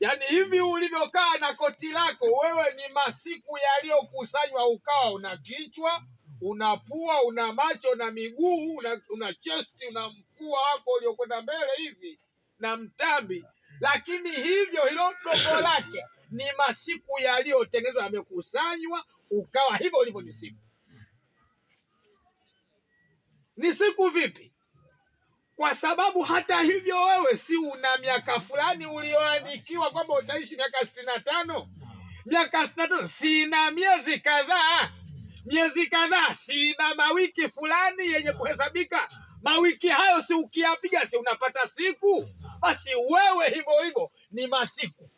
Yaani hivi ulivyokaa na koti lako wewe, ni masiku yaliyokusanywa, ukawa una kichwa, una pua, una macho na miguu, una, una chesti, una mfua wako uliokwenda mbele hivi na mtambi, lakini hivyo hilo dogo lake ni masiku yaliyotengenezwa, yamekusanywa, ukawa hivyo ulivyo. Ni siku ni siku vipi? kwa sababu hata hivyo wewe si una miaka fulani ulioandikiwa kwamba utaishi miaka sitini na tano miaka sitini na tano sina miezi kadhaa miezi kadhaa sina mawiki fulani yenye kuhesabika mawiki hayo si ukiyapiga si unapata siku basi wewe hivyo hivyo ni masiku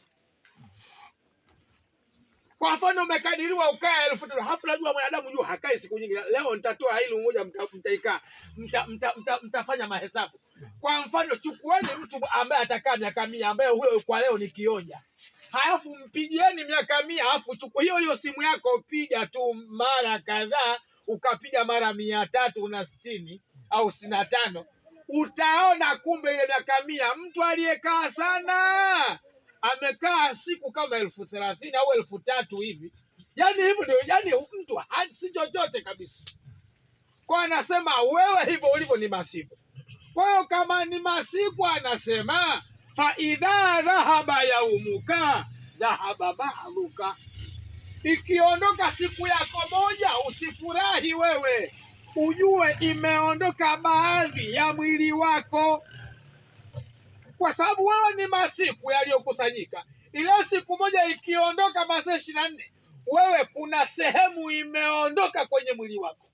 kwa mfano umekadiriwa ukae elfu tatu. Halafu najua mwanadamu jua hakai siku nyingi. Leo nitatoa hili mmoja mtaikaa. Mta, mta, mta, mtafanya mahesabu. Kwa mfano chukueni mtu ambaye atakaa miaka 100 ambaye huyo kwa leo ni kionja. Halafu mpigieni miaka 100 halafu chukua hiyo hiyo simu yako piga tu mara kadhaa ukapiga mara mia tatu na sitini au sitini na tano utaona kumbe ile miaka mia mtu aliyekaa sana amekaa siku kama elfu thelathini au elfu tatu hivi, yani hivyo ndio, yani mtu si chochote kabisa. Kwa anasema wewe hivyo ulivyo ni masiku. Kwa hiyo kama ni masiku, anasema fa idha dhahaba yaumuka dhahaba ba'dhuka, ikiondoka siku yako moja usifurahi wewe, ujue imeondoka baadhi ya mwili wako kwa sababu wewe ni masiku yaliyokusanyika. Ile siku moja ikiondoka masaa ishirini na nne, wewe kuna sehemu imeondoka kwenye mwili wako,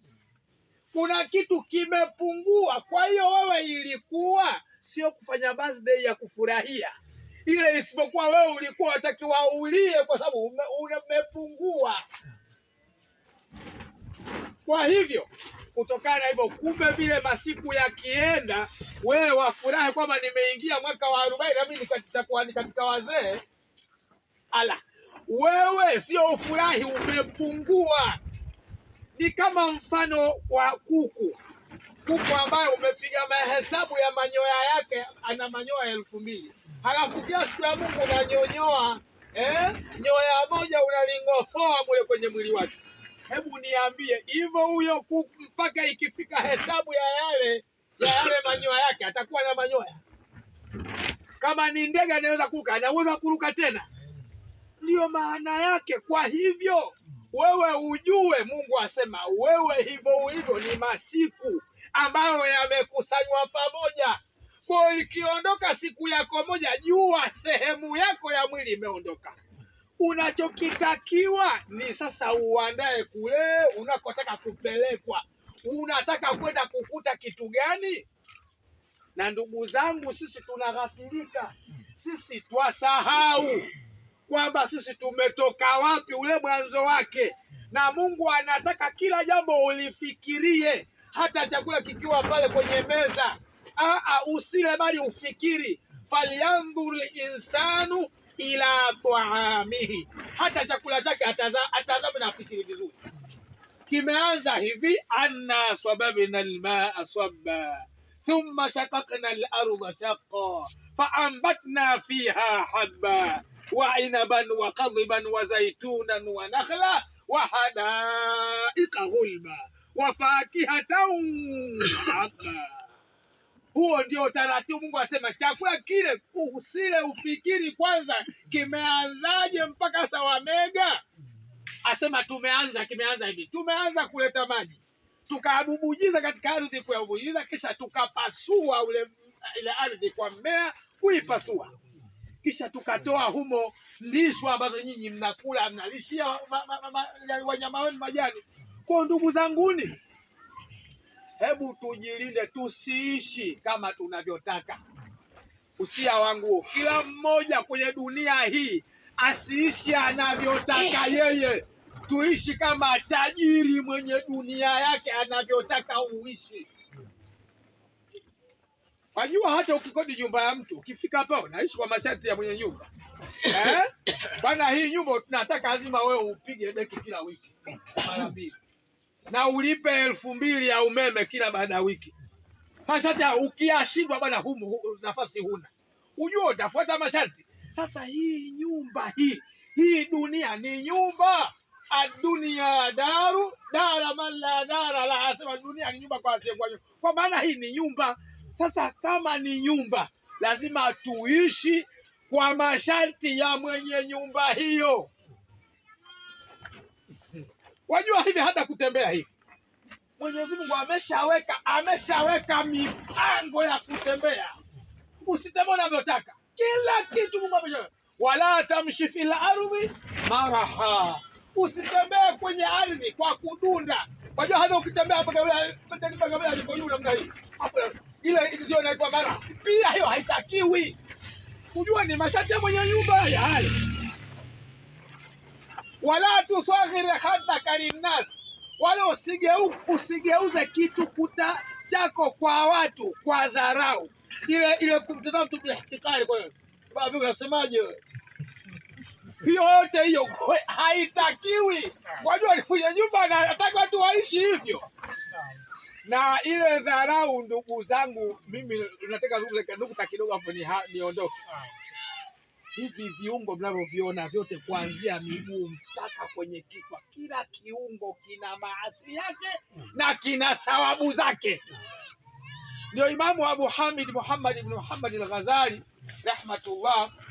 kuna kitu kimepungua. Kwa hiyo wewe ilikuwa sio kufanya birthday ya kufurahia ile, isipokuwa wewe ulikuwa watakiwa ulie kwa sababu umepungua ume, kwa hivyo kutokana na hivyo. Kumbe vile masiku yakienda, wewe wafurahi kwamba nimeingia mwaka wa arobaini na mimi nitakuwa ni katika wazee. Ala, wewe sio ufurahi, umepungua. Ni kama mfano wa kuku, kuku ambaye umepiga mahesabu ya manyoya yake, ana manyoya elfu mbili halafu kila siku ya Mungu unanyonyoa eh, nyoya moja unalingofoa mule kwenye mwili wake hebu niambie hivyo, huyo kuku mpaka ikifika hesabu ya yale ya yale manyoya yake atakuwa na manyoya? Kama ni ndege anaweza kuka, anaweza kuruka tena? Ndiyo maana yake. Kwa hivyo wewe ujue, Mungu asema wewe hivyo hivyo ni masiku ambayo yamekusanywa pamoja. Kwa ikiondoka siku yako moja, jua sehemu yako ya mwili imeondoka. Unachokitakiwa ni sasa uandae kule unakotaka kupelekwa, unataka kwenda kukuta kitu gani? Na ndugu zangu, sisi tunaghafilika, sisi twasahau kwamba sisi tumetoka wapi, ule mwanzo wake. Na Mungu anataka kila jambo ulifikirie, hata chakula kikiwa pale kwenye meza. Aa, usile bali ufikiri, falyandhuri insanu ila taamihi, hata chakula chake atazame na afikiri vizuri. Kimeanza hivi, anna sababna almaa sabba thumma shaqaqna al-ardha shaqqa faambatna fiha habba wa inaban wa qadban wa zaitunan wa nakhla wa hadaika ghulba wa fakihatan habba Huo ndio utaratibu. Mungu asema chakula kile usile, ufikiri kwanza kimeanzaje mpaka sawa mega. Asema tumeanza, kimeanza hivi, tumeanza kuleta maji, tukabubujiza katika ardhi, kuyabubujiza, kisha tukapasua ule ile ardhi kwa mmea, kuipasua kisha tukatoa humo lishwa ambazo nyinyi mnakula, mnalishia wanyama wenu majani. Kwa ndugu zanguni Hebu tujilinde tusiishi kama tunavyotaka. Usia wangu kila mmoja kwenye dunia hii asiishi anavyotaka yeye, tuishi kama tajiri mwenye dunia yake anavyotaka uishi. Wajua hata ukikodi nyumba ya mtu ukifika hapa unaishi kwa masharti ya mwenye nyumba eh? Bwana, hii nyumba tunataka lazima wewe upige deki kila wiki mara mbili na ulipe elfu mbili ya umeme kila baada ya wiki. Masharti ukiashindwa bwana, humu nafasi huna, ujua utafuata masharti. Sasa hii nyumba hii hii dunia ni nyumba, adunia daru dara mala dara la, asema dunia ni nyumba kwa asiyekuwa, kwa maana hii ni nyumba. Sasa kama ni nyumba, lazima tuishi kwa masharti ya mwenye nyumba hiyo. Wajua hivi hata kutembea hivi Mwenyezi Mungu ameshaweka ameshaweka mipango ya kutembea, usitembea unavyotaka, kila kitu Mungu ameshaweka. Wala tamshi fil ardhi maraha, usitembee kwenye ardhi kwa kudunda. Wajua hata ukitembea hapa kabla iko juu namna hii hapo, ile ndio inaitwa maraha. Pia hiyo haitakiwi. Kujua ni mashati ya mwenye nyumba yale wala tusaghir hadaka linnas, wala usigeu, usigeuze kitu kuta chako kwa watu kwa dharau ile ile, kumtazama mtu bila Kwa hiyo baba, unasemaje wewe? Hiyo yote hiyo haitakiwi. Wajua alikuja nyumba na nataka watu waishi hivyo, na ile dharau, ndugu zangu, mimi nataka ndugu kidogo hapo niondoke hivi viungo vinavyoviona vyote kuanzia miguu mpaka kwenye kichwa, kila kiungo kina maasi yake hmm. na kina thawabu zake. Ndio Imamu Abu Hamid Muhammad ibn Muhammad al-Ghazali rahmatullah